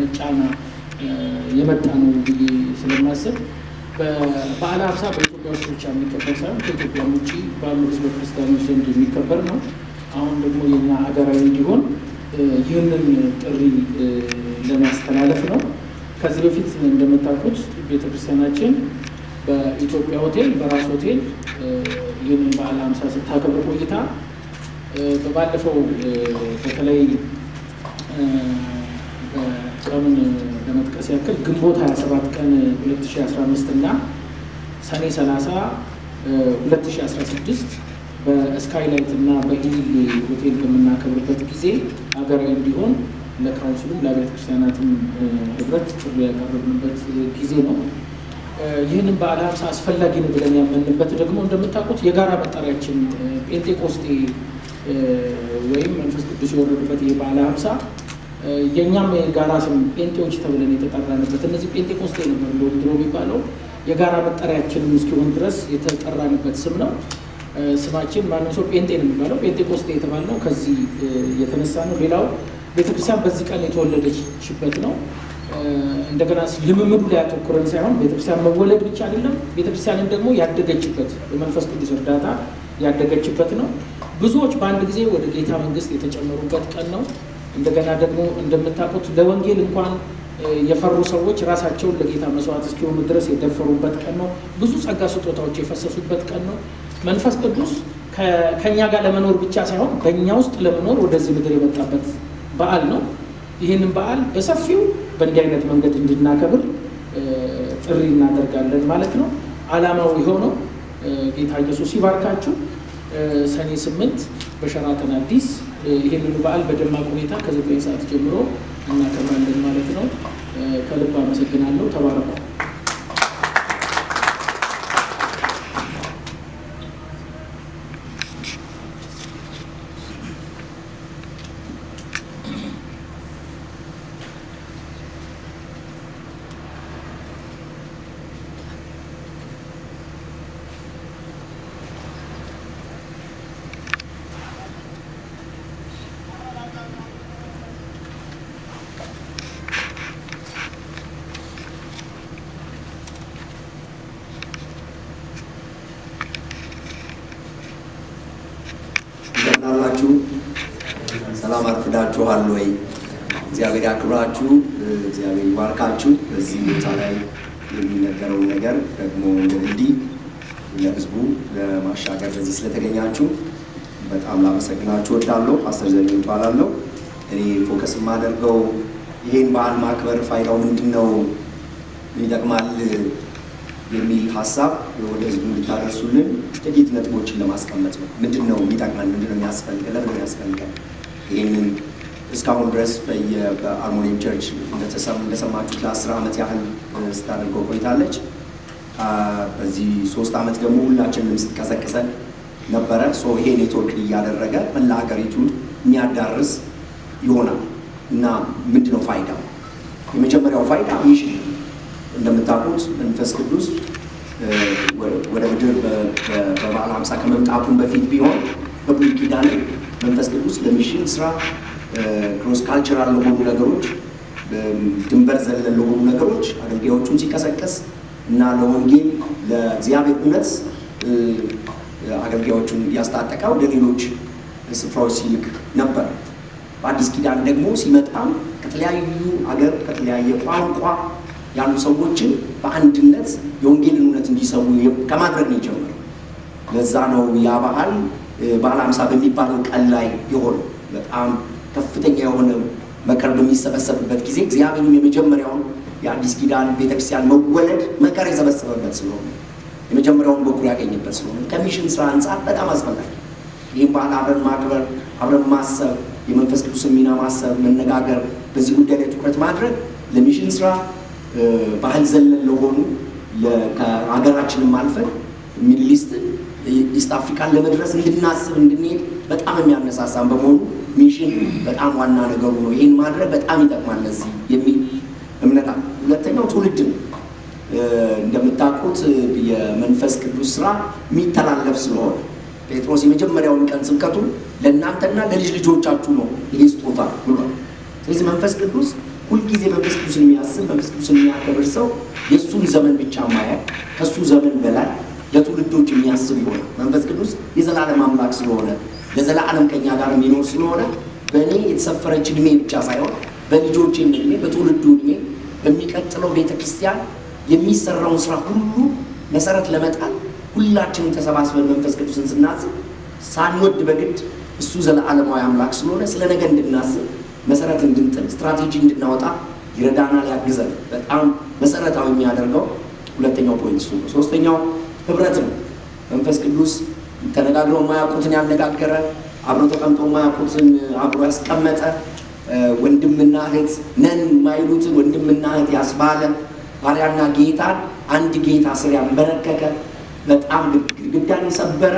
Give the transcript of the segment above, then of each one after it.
ነጻነት ጫና የመጣ ነው ብዬ ስለማስብ በዓለ ሀምሳ በኢትዮጵያ ውስጥ ብቻ የሚከበር ሳይሆን ከኢትዮጵያ ውጭ ባሉ ህዝበ ክርስቲያኖች ዘንድ የሚከበር ነው። አሁን ደግሞ የኛ ሀገራዊ እንዲሆን ይህንን ጥሪ ለማስተላለፍ ነው። ከዚህ በፊት እንደምታውቁት ቤተክርስቲያናችን በኢትዮጵያ ሆቴል በራስ ሆቴል ይህንን በዓለ ሀምሳ ስታከብር ቆይታ በባለፈው በተለይ ጥቅምን ለመጥቀስ ያክል ግንቦት 27 ቀን 2015 እና ሰኔ 30 2016 በስካይላይት እና በሂል ሆቴል በምናከብርበት ጊዜ ሀገራዊ እንዲሆን ለካውንስሉም ለአብያተ ክርስቲያናትም ህብረት ጥሪ ያቀረብንበት ጊዜ ነው። ይህንን በዓለ ሃምሳ አስፈላጊ ነው ብለን ያመንበት ደግሞ እንደምታውቁት የጋራ መጠሪያችን ጴንጤቆስቴ ወይም መንፈስ ቅዱስ የወረዱበት ይህ ሃምሳ የእኛም የጋራ ስም ጴንጤዎች ተብለን የተጠራንበት እነዚህ ጴንጤቆስቴ ነበር እንደ ድሮ የሚባለው የጋራ መጠሪያችንም እስኪሆን ድረስ የተጠራንበት ስም ነው። ስማችን ማንም ሰው ጴንጤ ነው የሚባለው። የተባል ነው ከዚህ የተነሳ ነው። ሌላው ቤተክርስቲያን በዚህ ቀን የተወለደችበት ነው። እንደገና ልምምዱ ላይ ያተኩረን ሳይሆን ቤተክርስቲያን መወለድ ብቻ አይደለም፣ ቤተክርስቲያንን ደግሞ ያደገችበት የመንፈስ ቅዱስ እርዳታ ያደገችበት ነው። ብዙዎች በአንድ ጊዜ ወደ ጌታ መንግስት የተጨመሩበት ቀን ነው። እንደገና ደግሞ እንደምታውቁት ለወንጌል እንኳን የፈሩ ሰዎች ራሳቸውን ለጌታ መስዋዕት እስኪሆኑ ድረስ የደፈሩበት ቀን ነው። ብዙ ጸጋ ስጦታዎች የፈሰሱበት ቀን ነው። መንፈስ ቅዱስ ከእኛ ጋር ለመኖር ብቻ ሳይሆን በእኛ ውስጥ ለመኖር ወደዚህ ምድር የመጣበት በዓል ነው። ይህንን በዓል በሰፊው በእንዲህ አይነት መንገድ እንድናከብር ጥሪ እናደርጋለን ማለት ነው። አላማው የሆነው ጌታ ኢየሱስ ይባርካችሁ። ሰኔ ስምንት በሸራተን አዲስ ይህንኑ በዓል በደማቅ ሁኔታ ከዘጠኝ ሰዓት ጀምሮ እናከብራለን ማለት ነው። ከልብ አመሰግናለሁ። ተባረኩ። አክብዳችኋል ወይ? እግዚአብሔር ያክብራችሁ፣ እግዚአብሔር ይባርካችሁ። በዚህ ቦታ ላይ የሚነገረውን ነገር ደግሞ እንዲህ ለህዝቡ ለማሻገር በዚህ ስለተገኛችሁ በጣም ላመሰግናችሁ ወዳለሁ። ፓስተር ዘሪ ይባላለሁ። እኔ ፎከስ የማደርገው ይህን በዓል ማክበር ፋይዳው ምንድን ነው፣ ምን ይጠቅማል የሚል ሀሳብ ወደ ህዝቡ እንድታደርሱልን ጥቂት ነጥቦችን ለማስቀመጥ ነው። ምንድን ነው የሚጠቅመን? ምንድን ነው የሚያስፈልገን? ለምን ነው የሚያስፈልገን? ይህንን እስካሁን ድረስ በአርሞኒየም ቸርች እንደሰማችሁ ለአስር ዓመት ያህል ስታደርገው ቆይታለች። በዚህ ሶስት ዓመት ደግሞ ሁላችንም ስትቀሰቅሰን ነበረ። ይሄ ኔትወርክ እያደረገ መላ ሀገሪቱን የሚያዳርስ ይሆናል እና ምንድን ነው ፋይዳው? የመጀመሪያው ፋይዳ ሚሽን እንደምታውቁት መንፈስ ቅዱስ ወደ ምድር በበዓለ ሃምሳ ከመምጣቱን በፊት ቢሆን በብሉይ ኪዳን መንፈስ ቅዱስ ለሚሽን ስራ ክሮስ ካልቸራል ለሆኑ ነገሮች፣ ድንበር ዘለል ለሆኑ ነገሮች አገልጋዮቹን ሲቀሰቀስ እና ለወንጌል ለእግዚአብሔር እውነት አገልጋዮቹን ያስታጠቀ ወደ ሌሎች ስፍራዎች ሲልክ ነበር። በአዲስ ኪዳን ደግሞ ሲመጣም ከተለያዩ አገር ከተለያየ ቋንቋ ያሉ ሰዎችን በአንድነት የወንጌልን እውነት እንዲሰሙ ከማድረግ ነው የጀመረው። ለዛ ነው ያ ባህል ባለ ሀምሳ በሚባለው ቀን ላይ የሆነው በጣም ከፍተኛ የሆነ መከር በሚሰበሰብበት ጊዜ እግዚአብሔርም የመጀመሪያውን የአዲስ ኪዳን ቤተክርስቲያን መወለድ መከር የሰበሰበበት ስለሆነ የመጀመሪያውን በኩር ያገኝበት ስለሆነ ከሚሽን ስራ አንጻር በጣም አስፈላጊ ይህም ባህል አብረን ማክበር፣ አብረን ማሰብ፣ የመንፈስ ቅዱስ ሚና ማሰብ፣ መነጋገር፣ በዚህ ጉዳይ ላይ ትኩረት ማድረግ ለሚሽን ስራ ባህል ዘለን ለሆኑ ከሀገራችንም አልፈን ሚድሊስትን ኢስት አፍሪካን ለመድረስ እንድናስብ እንድንሄድ በጣም የሚያነሳሳን በመሆኑ ሚሽን በጣም ዋና ነገሩ ነው። ይህን ማድረግ በጣም ይጠቅማል ለዚህ የሚል እምነት አለ። ሁለተኛው ትውልድ ነው። እንደምታውቁት የመንፈስ ቅዱስ ስራ የሚተላለፍ ስለሆነ ጴጥሮስ የመጀመሪያውን ቀን ስብከቱ ለእናንተና ለልጅ ልጆቻችሁ ነው ይሄ ስጦታ ብሏል። ስለዚህ መንፈስ ቅዱስ ሁልጊዜ መንፈስ ቅዱስን የሚያስብ መንፈስ ቅዱስን የሚያከብር ሰው የእሱን ዘመን ብቻ ማያ ከእሱ ዘመን በላይ ለትውልዶች የሚያስብ ይሆነ መንፈስ ቅዱስ የዘላለም አምላክ ስለሆነ ለዘላለም ከኛ ጋር የሚኖር ስለሆነ በእኔ የተሰፈረች እድሜ ብቻ ሳይሆን በልጆች እድሜ፣ በትውልዱ እድሜ በሚቀጥለው ቤተ ክርስቲያን የሚሰራውን ስራ ሁሉ መሰረት ለመጣል ሁላችንም ተሰባስበን መንፈስ ቅዱስን ስናስብ ሳንወድ በግድ እሱ ዘለዓለማዊ አምላክ ስለሆነ ስለ ነገ እንድናስብ መሰረት እንድንጥል ስትራቴጂ እንድናወጣ ይረዳናል፣ ያግዘን። በጣም መሰረታዊ የሚያደርገው ሁለተኛው ፖይንት እሱ ነው። ሶስተኛው ህብረት ነው። መንፈስ ቅዱስ ተነጋግሮ የማያውቁትን ያነጋገረ፣ አብሮ ተቀምጦ የማያውቁትን አብሮ ያስቀመጠ፣ ወንድምና እህት ነን የማይሉትን ወንድምና እህት ያስባለ ባሪያና ጌታን አንድ ጌታ ስር ያንበረከከ በጣም ግድግዳን የሰበረ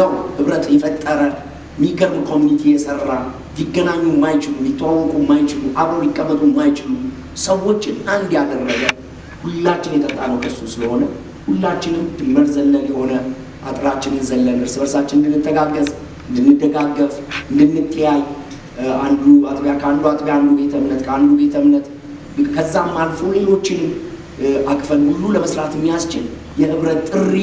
ነው። ህብረት የፈጠረ የሚገርም ኮሚኒቲ የሰራ ሊገናኙ የማይችሉ ሊተዋወቁ የማይችሉ አብሮ ሊቀመጡ የማይችሉ ሰዎችን አንድ ያደረገ ሁላችን የጠጣነው ከሱ ስለሆነ ሁላችንም ድንበር ዘለል የሆነ አጥራችንን ዘለን እርስ በርሳችን እንድንተጋገዝ፣ እንድንደጋገፍ፣ እንድንተያይ አንዱ አጥቢያ ከአንዱ አጥቢያ አንዱ ቤተ እምነት ከአንዱ ቤተ እምነት ከዛም አልፎ ሌሎችን አቅፈን ሁሉ ለመስራት የሚያስችል የህብረት ጥሪ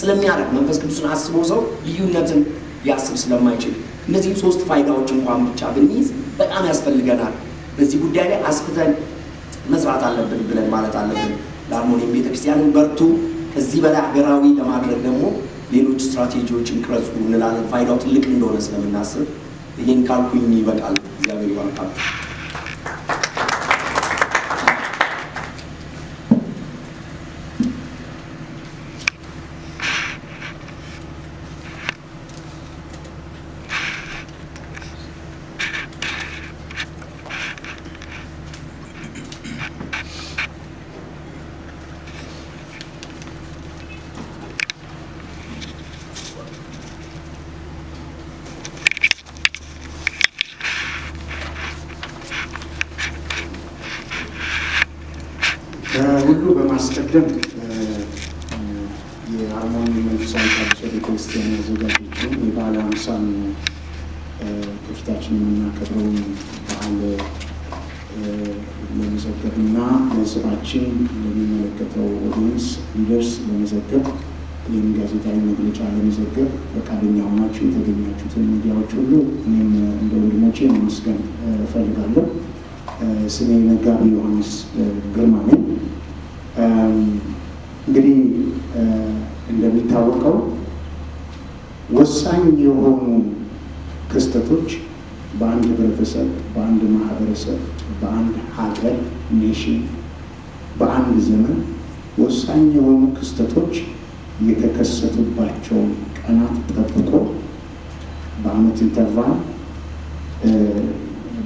ስለሚያደርግ መንፈስ ቅዱስን አስቦ ሰው ልዩነትን ሊያስብ ስለማይችል እነዚህ ሶስት ፋይዳዎች እንኳን ብቻ ብንይዝ በጣም ያስፈልገናል። በዚህ ጉዳይ ላይ አስፍተን መስራት አለብን ብለን ማለት አለብን። ለአርሞኒም ቤተክርስቲያንን በርቱ ከዚህ በላይ ሀገራዊ ለማድረግ ደግሞ ሌሎች ስትራቴጂዎችን ቅረጹ እንላለን፣ ፋይዳው ትልቅ እንደሆነ ስለምናስብ። ይህን ካልኩኝ ይበቃል። እግዚአብሔር ይባርካችሁ። በማስቀደም የአርሞኒ መንፈሳዊ ታድሶ ቤተክርስቲያን ያዘጋጀችው የበዓለ ሃምሳን ከፊታችን የምናከብረውን በዓል ለመዘገብ እና ለስራችን ለሚመለከተው ኦዲየንስ ሊደርስ ለመዘገብ ይህም ጋዜጣዊ መግለጫ ለመዘገብ ፈቃደኛ ሆናችሁ የተገኛችሁትን ሚዲያዎች ሁሉ እኔም እንደ ወንድሞቼ ማመስገን እፈልጋለሁ። ስሜ መጋቢ ዮሐንስ ግርማ ነኝ። ወሳኝ የሆኑ ክስተቶች በአንድ ህብረተሰብ፣ በአንድ ማህበረሰብ፣ በአንድ ሀገር ኔሽን፣ በአንድ ዘመን ወሳኝ የሆኑ ክስተቶች የተከሰቱባቸውን ቀናት ጠብቆ በአመት ኢንተርቫል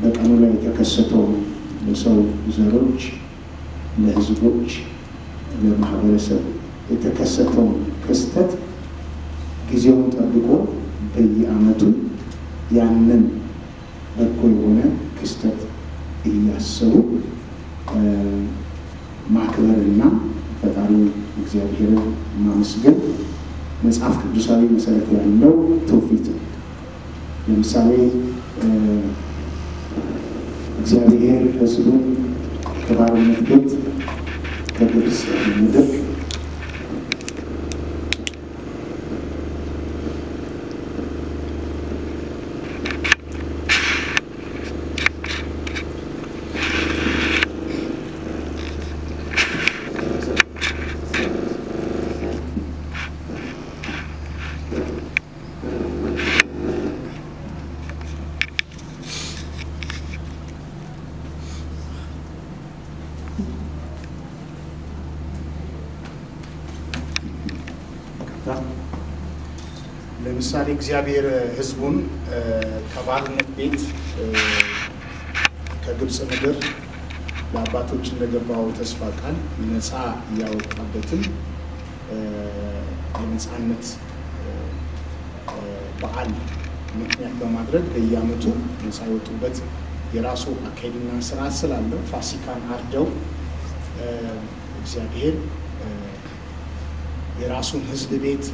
በቀኑ ላይ የተከሰተው ለሰው ዘሮች፣ ለህዝቦች፣ ለማህበረሰብ የተከሰተውን ክስተት ጊዜውን ጠብቆ በየአመቱ ያንን በጎ የሆነ ክስተት እያሰቡ ማክበርና ፈጣሪ እግዚአብሔር ማመስገን መጽሐፍ ቅዱሳዊ መሰረት ያለው ትውፊት ነው። ለምሳሌ እግዚአብሔር ህዝቡን ከባርነት ቤት ከግብፅ ምድር ለምሳሌ እግዚአብሔር ህዝቡን ከባርነት ቤት ከግብፅ ምድር ለአባቶች እንደገባው ተስፋ ቃል ነፃ እያወጣበትም የነፃነት በዓል ምክንያት በማድረግ በየአመቱ ነፃ የወጡበት የራሱ አካሄድና ስርዓት ስላለው ፋሲካን አርደው እግዚአብሔር የራሱን ህዝብ ቤት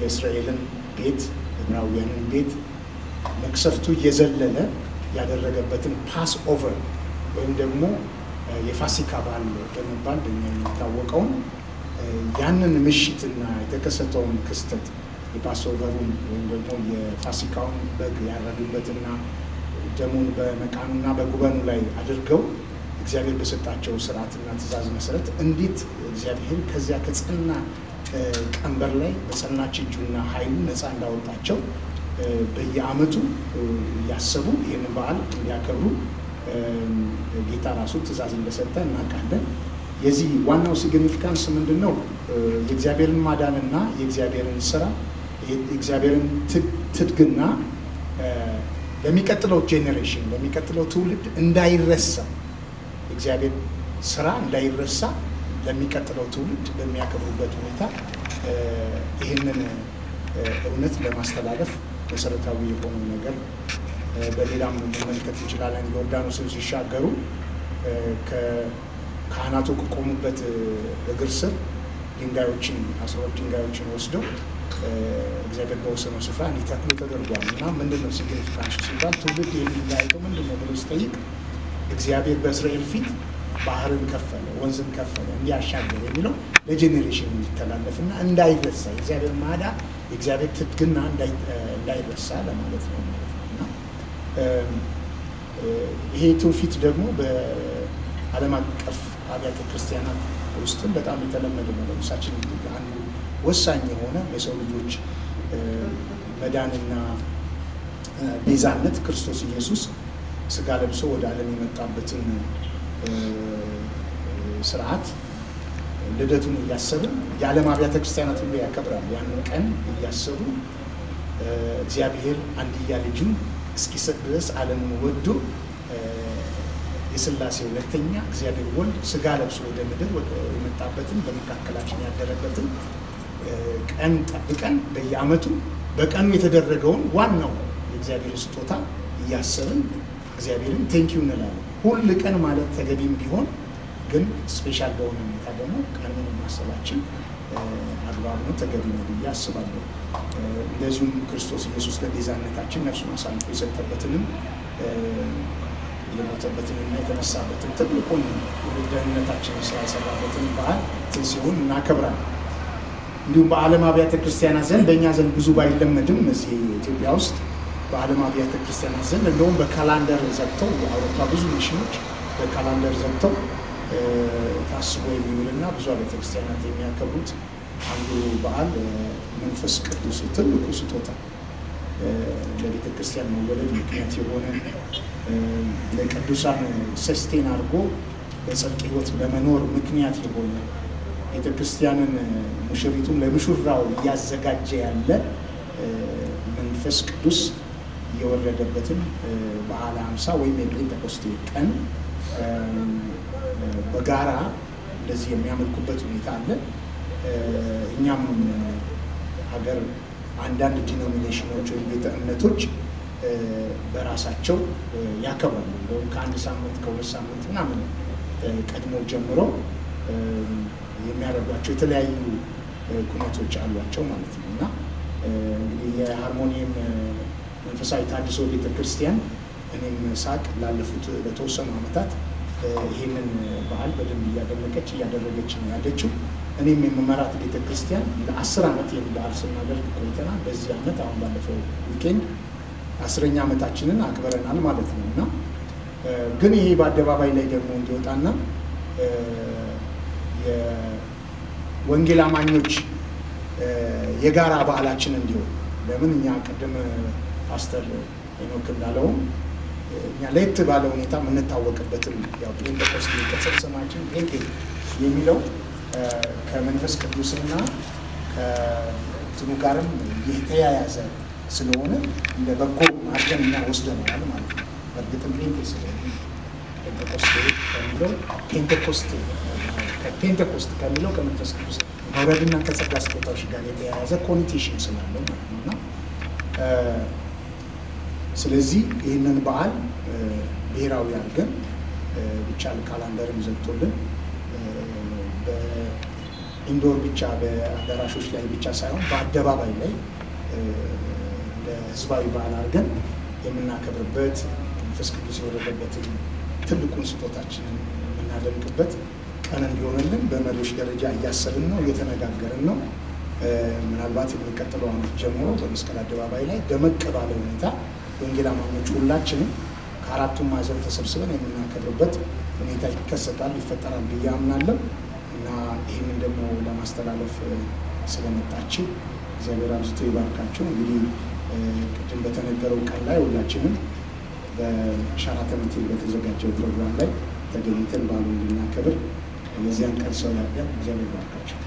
የእስራኤልን ቤት ዕብራውያንን ቤት መቅሰፍቱ እየዘለለ ያደረገበትን ፓስ ኦቨር ወይም ደግሞ የፋሲካ በዓል በመባል በኛ የሚታወቀውን ያንን ምሽትና የተከሰተውን ክስተት የፓስኦቨሩን ወይም ደግሞ የፋሲካውን በግ ያረዱበትና ደሙን በመቃኑና በጉበኑ ላይ አድርገው እግዚአብሔር በሰጣቸው ስርዓትና ትእዛዝ መሰረት እንዴት እግዚአብሔር ከዚያ ከጽና ቀንበር ላይ በጸናች እጁና ኃይሉ ነፃ እንዳወጣቸው በየአመቱ እያሰቡ ይህንን በዓል እንዲያከብሩ ጌታ ራሱ ትእዛዝ እንደሰጠ እናውቃለን። የዚህ ዋናው ሲግኒፊካንስ ምንድን ነው? የእግዚአብሔርን ማዳንና የእግዚአብሔርን ስራ የእግዚአብሔርን ትድግና ለሚቀጥለው ጄኔሬሽን ለሚቀጥለው ትውልድ እንዳይረሳ የእግዚአብሔር ስራ እንዳይረሳ ለሚቀጥለው ትውልድ በሚያከብሩበት ሁኔታ ይህንን እውነት ለማስተላለፍ መሰረታዊ የሆኑ ነገር በሌላም መመልከት እንችላለን። ዮርዳኖስን ሲሻገሩ ካህናቱ ከቆሙበት እግር ስር ድንጋዮችን አስራ ሁለት ድንጋዮችን ወስደው እግዚአብሔር በወሰነው ስፍራ እንዲተክሉ ተደርጓል እና ምንድን ነው ሲግኒፊካንሱ ሲባል ትውልድ የሚለያየው ምንድን ነው ብሎ ሲጠይቅ እግዚአብሔር በእስራኤል ፊት ባህርን ከፈለ፣ ወንዝን ከፈለ እንዲያሻገር የሚለው ለጄኔሬሽን እንዲተላለፍና እንዳይረሳ የእግዚአብሔር ማዳ የእግዚአብሔር ትድግና እንዳይረሳ ለማለት ነው ማለት ነው እና ይሄ ትውፊት ደግሞ በዓለም አቀፍ አብያተ ክርስቲያናት ውስጥም በጣም የተለመደ ነው። ለብሳችን አንዱ ወሳኝ የሆነ የሰው ልጆች መዳንና ቤዛነት ክርስቶስ ኢየሱስ ስጋ ለብሶ ወደ ዓለም የመጣበትን ስርዓት ልደቱን እያሰብን የዓለም አብያተ ክርስቲያናት ሁሉ ያከብራሉ። ያንን ቀን እያሰቡ እግዚአብሔር አንድያ ልጁን እስኪሰጥ ድረስ ዓለምን ወዶ የስላሴ ሁለተኛ እግዚአብሔር ወልድ ስጋ ለብሶ ወደ ምድር የመጣበትን በመካከላችን ያደረበትን ቀን ጠብቀን በየዓመቱ በቀኑ የተደረገውን ዋናው የእግዚአብሔር ስጦታ እያሰብን እግዚአብሔርን ቴንኪው እንላለን። ሁል ቀን ማለት ተገቢም ቢሆን ግን ስፔሻል በሆነ ሁኔታ ደግሞ ቀኑን ማሰባችን አግባብ ነው፣ ተገቢ ነው ብዬ አስባለሁ። እንደዚሁም ክርስቶስ ኢየሱስ ለቤዛነታችን ነፍሱን አሳልፎ የሰጠበትንም የሞተበትንና የተነሳበትን ትልቁን ደህንነታችን ስራ የሰራበትን በዓል ሲሆን እናከብራለን። እንዲሁም በዓለም አብያተ ክርስቲያናት ዘንድ በእኛ ዘንድ ብዙ ባይለመድም እዚህ ኢትዮጵያ ውስጥ በዓለም አብያተ ክርስቲያናት ዘንድ እንደውም በካላንደር ዘግተው የአውሮፓ ብዙ ሚሽኖች በካላንደር ዘግተው ታስቦ የሚውልና ብዙ አብያተ ክርስቲያናት የሚያከብሩት አንዱ በዓል መንፈስ ቅዱስ ትልቁ ስጦታ ለቤተ ክርስቲያን መወለድ ምክንያት የሆነ ለቅዱሳን ሰስቴን አድርጎ በጽድቅ ሕይወት ለመኖር ምክንያት የሆነ ቤተ ክርስቲያንን ሙሽሪቱን ለምሹራው እያዘጋጀ ያለ መንፈስ ቅዱስ የወረደበትን በዓለ ሃምሳ ወይም የጴንጠቆስቴ ቀን በጋራ እንደዚህ የሚያመልኩበት ሁኔታ አለ። እኛም ሀገር አንዳንድ ዲኖሚኔሽኖች ወይም ቤተ እምነቶች በራሳቸው ያከብራሉ። እንደውም ከአንድ ሳምንት ከሁለት ሳምንት ምናምን ቀድሞ ጀምሮ የሚያደርጓቸው የተለያዩ ኩነቶች አሏቸው ማለት ነው እና እንግዲህ የሃርሞኒየም መንፈሳዊ ታድሶ ቤተ ክርስቲያን እኔም ሳቅ ላለፉት ለተወሰኑ ዓመታት ይህንን በዓል በደንብ እያደመቀች እያደረገች ነው ያለችው። እኔም የምመራት ቤተ ክርስቲያን ለአስር ዓመት ይህን በዓል ስናደርግ ቆይተናል። በዚህ ዓመት አሁን ባለፈው ዊኬንድ አስረኛ ዓመታችንን አክብረናል ማለት ነው እና ግን ይሄ በአደባባይ ላይ ደግሞ እንዲወጣና የወንጌል አማኞች የጋራ በዓላችን እንዲሆን ለምን እኛ ቅድም ፓስተር ሄኖክ እንዳለውም እኛ ለየት ባለ ሁኔታ የምንታወቅበትም ያው ጴንጤቆስት ቅጽል ስማችን ጴንጤ የሚለው ከመንፈስ ቅዱስና ከትኑ ጋርም የተያያዘ ስለሆነ እንደ በጎ አድርገን እኛ ወስደነዋል ማለት ነው። በእርግጥም ጴንጤ ስለሆነ ጴንጤቆስቴ ከሚለው ፔንቴኮስቴ ፔንቴኮስት ከሚለው ከመንፈስ ቅዱስ መውረድና ከጸጋ ስጦታዎች ጋር የተያያዘ ኮኒቴሽን ስላለው ማለት ነው እና ስለዚህ ይህንን በዓል ብሔራዊ አድርገን ብቻ ካላንደርም ዘግቶልን በኢንዶር ብቻ በአዳራሾች ላይ ብቻ ሳይሆን በአደባባይ ላይ ለህዝባዊ በዓል አድርገን የምናከብርበት መንፈስ ቅዱስ የወረደበትን ትልቁን ስጦታችንን የምናደምቅበት ቀን እንዲሆንልን በመሪዎች ደረጃ እያሰብን ነው፣ እየተነጋገርን ነው። ምናልባት የምንቀጥለው አመት ጀምሮ በመስቀል አደባባይ ላይ ደመቅ ባለ ሁኔታ ወንጌል አማኞች ሁላችንም ከአራቱም ማዕዘን ተሰብስበን የምናከብርበት ሁኔታ ይከሰታል፣ ይፈጠራል ብዬ አምናለሁ እና ይህንን ደግሞ ለማስተላለፍ ስለመጣችው እግዚአብሔር አብዝቶ ይባርካችሁ። እንግዲህ ቅድም በተነገረው ቀን ላይ ሁላችንም በሸራተን ሆቴል በተዘጋጀው ፕሮግራም ላይ ተገኝተን በዓሉን እንድናከብር የዚያን ቀን ሰው ያያ እግዚአብሔር ይባርካችሁ።